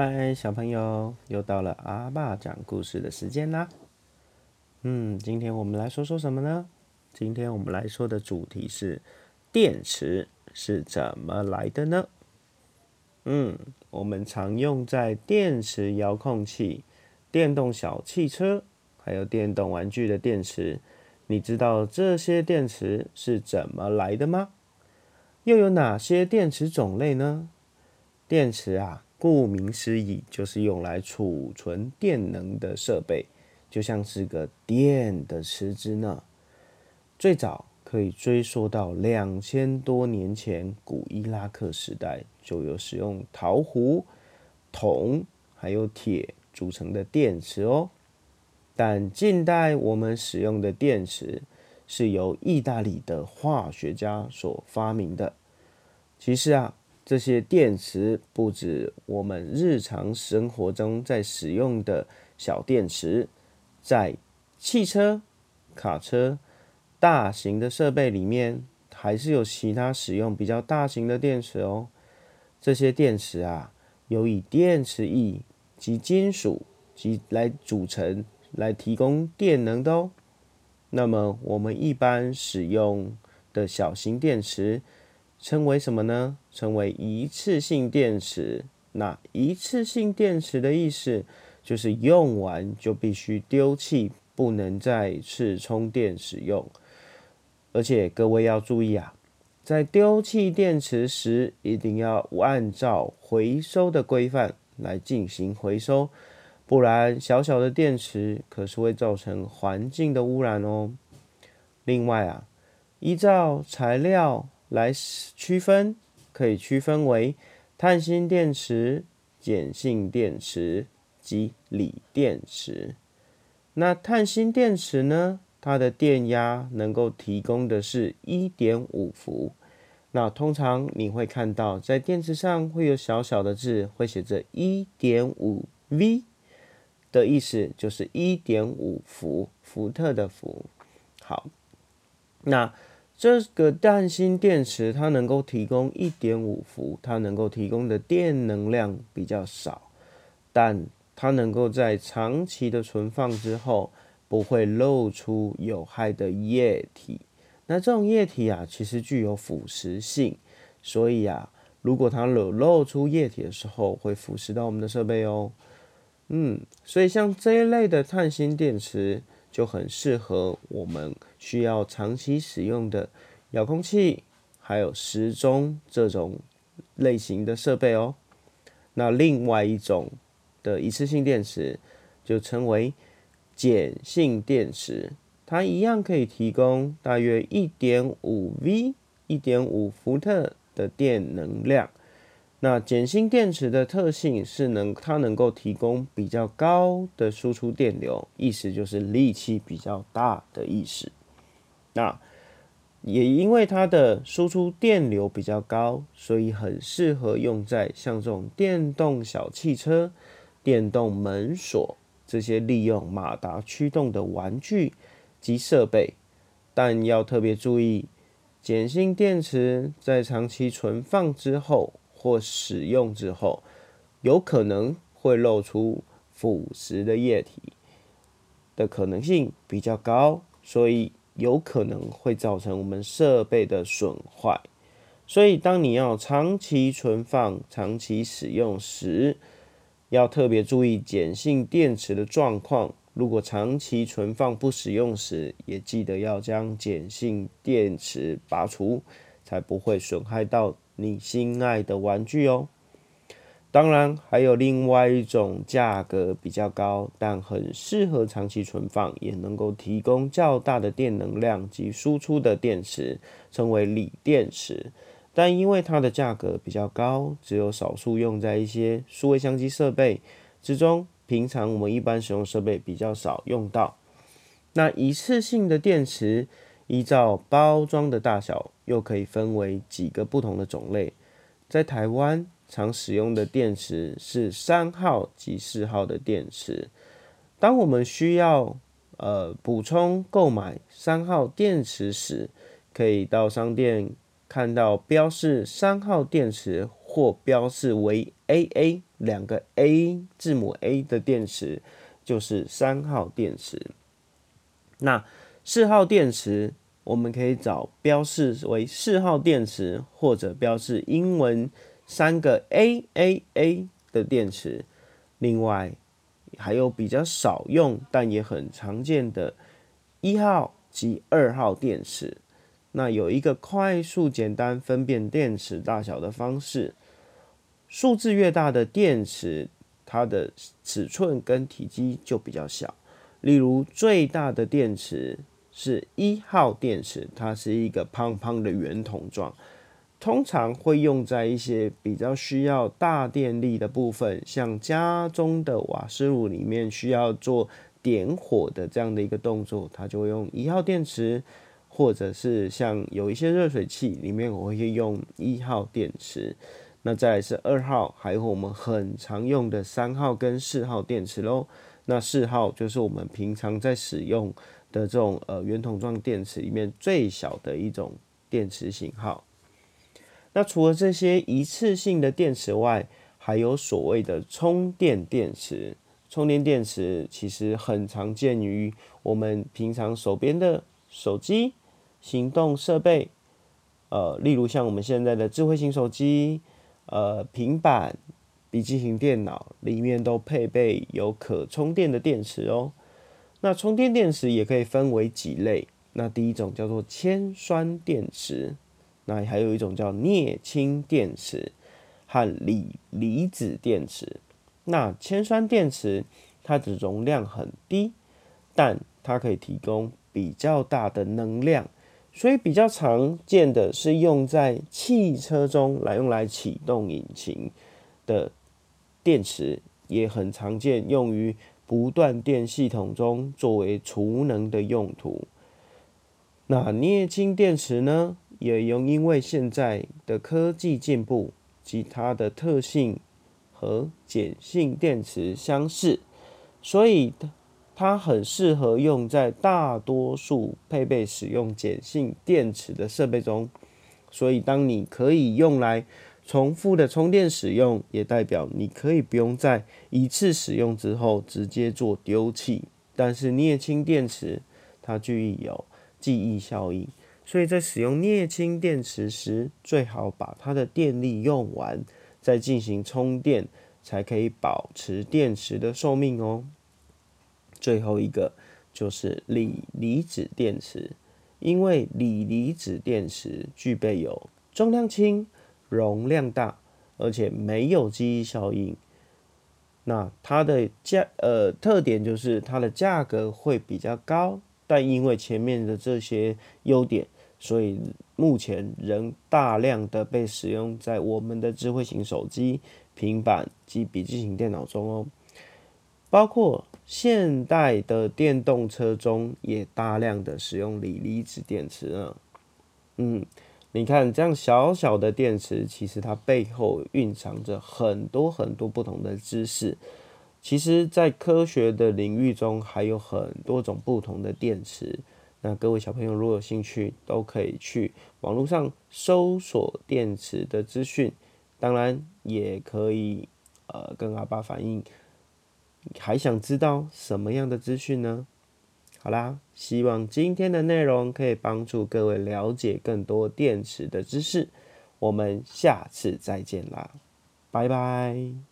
嗨，Hi, 小朋友，又到了阿爸講故事的時間啦。嗯，今天我們來說說什麼呢？今天我們來說的主題是電池是怎麼來的呢？嗯，我們常用在電池、遙控器、電動小汽車，還有電動玩具的電池。你知道這些電池是怎麼來的嗎？又有哪些電池種類呢？電池啊。顧名思義，就是用來儲存電能的設備，就像是個電的池子呢。最早可以追溯到兩千多年前古伊拉克時代，就有使用陶壺、銅還有鐵組成的電池哦。但近代我們使用的電池是由義大利的化學家所發明的。其實啊。這些電池不止我們日常生活中在使用的小電池，在汽車、卡車、大型的設備裡面，還是有其他使用比較大型的電池哦。這些電池啊，由以電池液及金屬及來組成，來提供電能的哦。那麼我們一般使用的小型電池。稱為什麼呢？稱為一次性電池。那一次性電池的意思就是用完就必須丟棄，不能再次充電使用。而且各位要注意啊，在丟棄電池時，一定要按照回收的規範來進行回收，不然小小的電池可是會造成環境的污染哦。另外啊，依照材料。來區分，可以區分為碳鋅電池、鹼性電池及鋰電池。那碳鋅電池呢？它的電壓能夠提供的是一點五伏。那通常你會看到，在電池上會有小小的字，會寫着“一點五 V” 的意思，就是一點五伏，伏特的伏。好，那。這個碳鋅電池，它能夠提供一點五伏，它能夠提供的電能量比較少，但它能夠在長期的存放之後不會露出有害的液體。那這種液體啊，其實具有腐蝕性，所以啊，如果它漏露出液體的時候，會腐蝕到我們的設備哦。嗯，所以像這一類的碳鋅電池。就很適合我們需要長期使用的遙控器，還有時鐘這種類型的設備哦。那另外一種的一次性電池就稱為鹼性電池，它一樣可以提供大約一點五 V，一點五伏特的電能量。那鹼性電池的特性是能，它能夠提供比較高的輸出電流，意思就是力氣比較大的意思。那也因為它的輸出電流比較高，所以很適合用在像這種電動小汽車、電動門鎖這些利用馬達驅動的玩具及設備。但要特別注意，鹼性電池在長期存放之後，或使用之後，有可能會漏出腐蝕的液體的可能性比較高，所以有可能會造成我們設備的損壞。所以，當你要長期存放、長期使用時，要特別注意鹼性電池的狀況。如果長期存放不使用時，也記得要將鹼性電池拔除，才不會損害到。你心愛的玩具哦。當然還有另外一種價格比較高，但很適合長期存放，也能夠提供較大的電能量及輸出的電池，稱為鋰電池。但因為它的價格比較高，只有少數用在一些數位相機設備之中，平常我們一般使用設備比較少用到。那一次性的電池，依照包裝的大小，又可以分為幾個不同的種類。在台灣，常使用的電池是三號及四號的電池。當我們需要呃補充購買三號電池時，可以到商店看到標示三號電池或標示為 AA 兩個 A 字母 A 的電池，就是三號電池。那。四號電池，我們可以找標示為四號電池，或者標示英文三個 AAA 的電池。另外，還有比較少用但也很常見的一號及二號電池。那有一個快速簡單分辨電池大小的方式：數字越大的電池，它的尺寸跟體積就比較小。例如最大的電池，是一號電池，它是一個胖胖的圓筒狀，通常會用在一些比較需要大電力的部分，像家中的瓦斯爐裡面需要做點火的這樣的一個動作，它就會用一號電池，或者是像有一些熱水器裡面我會用一號電池。那再來是二號，還有我們很常用的三號跟四號電池嘍。那四號就是我們平常在使用的這種呃圓筒狀電池裡面最小的一種電池型號。那除了這些一次性的電池外，還有所謂的充電電池。充電電池其實很常見於我們平常手邊的手機、行動設備。呃，例如像我們現在的智慧型手機、呃平板、筆記型電腦裡面都配備有可充電的電池哦、喔。那充電電池也可以分為幾類。那第一種叫做鉛酸電池，那還有一種叫鎳氫電池和鋰離子電池。那鉛酸電池它的容量很低，但它可以提供比較大的能量，所以比較常見的是用在汽車中來用來啟動引擎的電池，也很常見用於。不斷電系統中作為儲能的用途。那鎳氫電池呢？也因因為現在的科技進步，其它的特性和鹼性電池相似，所以它很適合用在大多數配備使用鹼性電池的設備中。所以，當你可以用來。重複的充電使用，也代表你可以不用在一次使用之後直接做丟棄。但是鎳氫電池它具有記憶效應，所以在使用鎳氫電池時，最好把它的電力用完再進行充電，才可以保持電池的壽命哦、喔。最後一個就是鋰離子電池，因為鋰離子電池具備有重量輕。容量大，而且沒有記憶效應。那它的價呃特點就是它的價格會比較高，但因為前面的這些優點，所以目前仍大量的被使用在我們的智慧型手機、平板及筆記型電腦中哦。包括現代的電動車中也大量的使用鋰離子電池呢。嗯。你看，這樣小小的電池，其實它背後蘊藏着很多很多不同的知識。其實，在科學的領域中，還有很多種不同的電池。那各位小朋友，如果有興趣，都可以去網絡上搜索電池的資訊。當然，也可以呃跟阿爸反映，還想知道什麼樣的資訊呢？好啦，希望今天的內容可以幫助各位了解更多電池的知識。我們下次再見啦，拜拜。